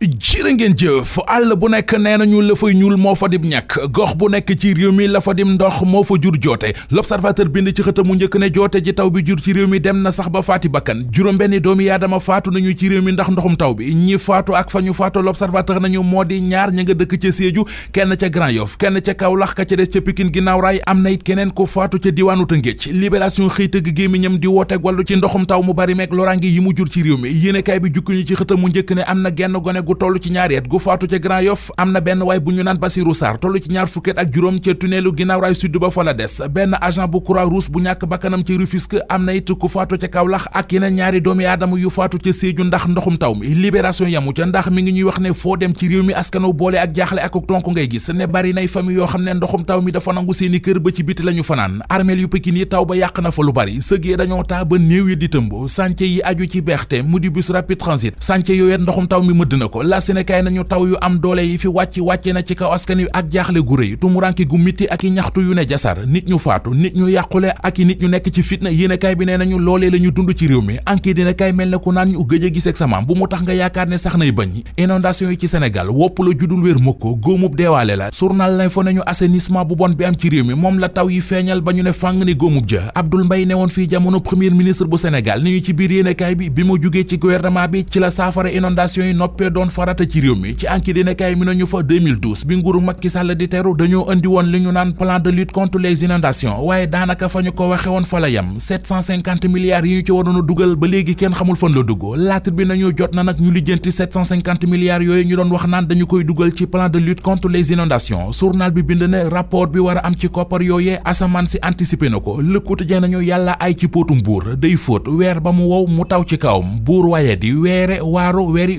jirë ngeen jëf àll bu nekk nee nañu la fay ñuul moo fa dim ñàkk gox bu nekk ci réew mi la fa dim ndox moo fa jur joote l'observateur bind ci xëtam mu njëkk ne joote ji taw bi jur ci réew mi dem na sax ba faati bakkan juróom-benni yaa yaadama faatu nañu ci réew mi ndax ndoxum taw bi ñi faatu ak fa ñu faatu l'observateur nañu moo di ñaar ña nga dëkk ca Sédhiou kenn ca Grand Yoff kenn ca Kaolack ka ca des ca Pikine ginnaaw raay am na it keneen ku faatu ca diwaanu Tëngéej libération xëy tëgg gémmiñam di ci ndoxum taw mu bari meeg loraange yi mu jur ci réew mi yéenekaay bi jukki ñu ci xëtam njëkk ne am na genn gone gu toll ci ñaar at gu faatu ca Grand Yoff am na benn waay bu ñu naan Basiru Sarr toll ci ñaar fukket ak juróom ca tunnelu ginnaaw raay sud ba fa la des benn agent bu croix rouge bu ñàkk bakkanam ci Rufisque am na it ku faatu ca Kaolack ak yeneen ñaari doomi aadama yu faatu ca Sédhiou ndax ndoxum taw mi libération yamu ca ndax mi ngi ñuy wax ne foo dem ci réew mi askanu boole ak jaaxle ak tonk ngay gis ne bari nay famille yoo xam ne ndoxum taw mi dafa nangu seeni kër ba ci biti lañu fanaan armeel yu Pikine yi taw ba yàq na fa lu bari sëg yi dañoo taa ba néew yi di tëmb chantier yi aju ci beexte mu di bus rapide transit chantier ndoxum taw mi mëdd na ko ko la si ne kaay nañu taw yu am doole yi fi wàcc wàcc na ci kaw askan ak jaaxle gu rëy tumuranke gu mitti ak i ñaxtu yu ne jasar nit ñu faatu nit ñu yàqule ak i nit ñu nekk ci fitna yéen bi nee nañu loolee la dund ci réew mi enquête dina kaay mel na ku naan a gis ak samaam bu mu tax nga yaakaar ne sax nay bañ inondation yi ci Sénégal wopp la judul wér mukko góomub deewaale la journal lañ fa nañu assainissement bu bon bi am ci réew mi moom la taw yi feeñal ba ñu ne fàng ni góomub ja Abdoul Mbaye ne woon fii jamono premier ministre bu Sénégal ni ñu ci biir yéen a kaay bi bi yi doon farata ci réew mi ci enquête dina kay mi nañu fa 2012 bi nguuru Macky Sall di teru dañoo andi woon li ñu naan plan de lutte contre les inondations waaye daanaka fa ñu ko waxe woon fa la yi ñu ci waroon a dugal ba léegi kenn xamul fan la dugg laata bi nañu jot na nag ñu lijjanti 750 yooyu ñu doon wax naan dañu koy dugal ci plan de lutte contre les inondations journal bi bind ne rapport bi war am ci koppar yooyee asamaan si anticipé na ko Le di weere waaru weeri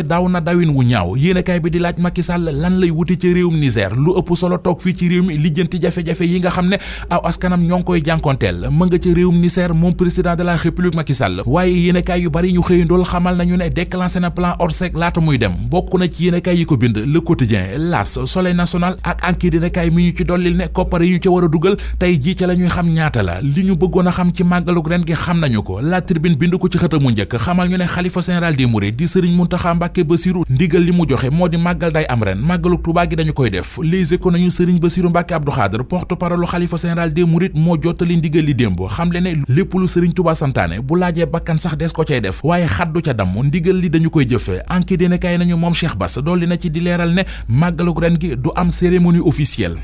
mi daw na dawin wu ñaaw yéenekaay bi di laaj Macky lan lay wuti ci réewum Niger lu ëpp solo toog fii ci réew lijjanti jafe-jafe yi nga xam ne aw askanam ñoo koy jànkonteel mën nga ci réewum moom président de la République Macky waaye yéenekaay yu bari ñu xëyandool xamal nañu ne déclenché na plan Orsec laata muy dem bokk na ci yéenekaay yi ko bind Le Quotidien L'As Soleil National ak Enquête yéenekaay mi ñu ci dollil ne koppar yi ñu war Mbàkke Basiru ndigal li mu joxe moo di màggal day am ren màggalu Tuubaa gi dañu koy def les éco nañu sëriñ Basiru Mbàkke Abdu Xaadir porte parole xalifa général des Mourides moo jottali ndigal li démb xam le ne lépp lu sëriñ Tuubaa santaane bu laajee bakkan sax des ko cay def waaye xaddu ca damm ndigal li dañu koy jëfe enquête dina kay nañu moom Cheikh Bass dolli na ci di leeral ne màggalu ren gi du am cérémonie officielle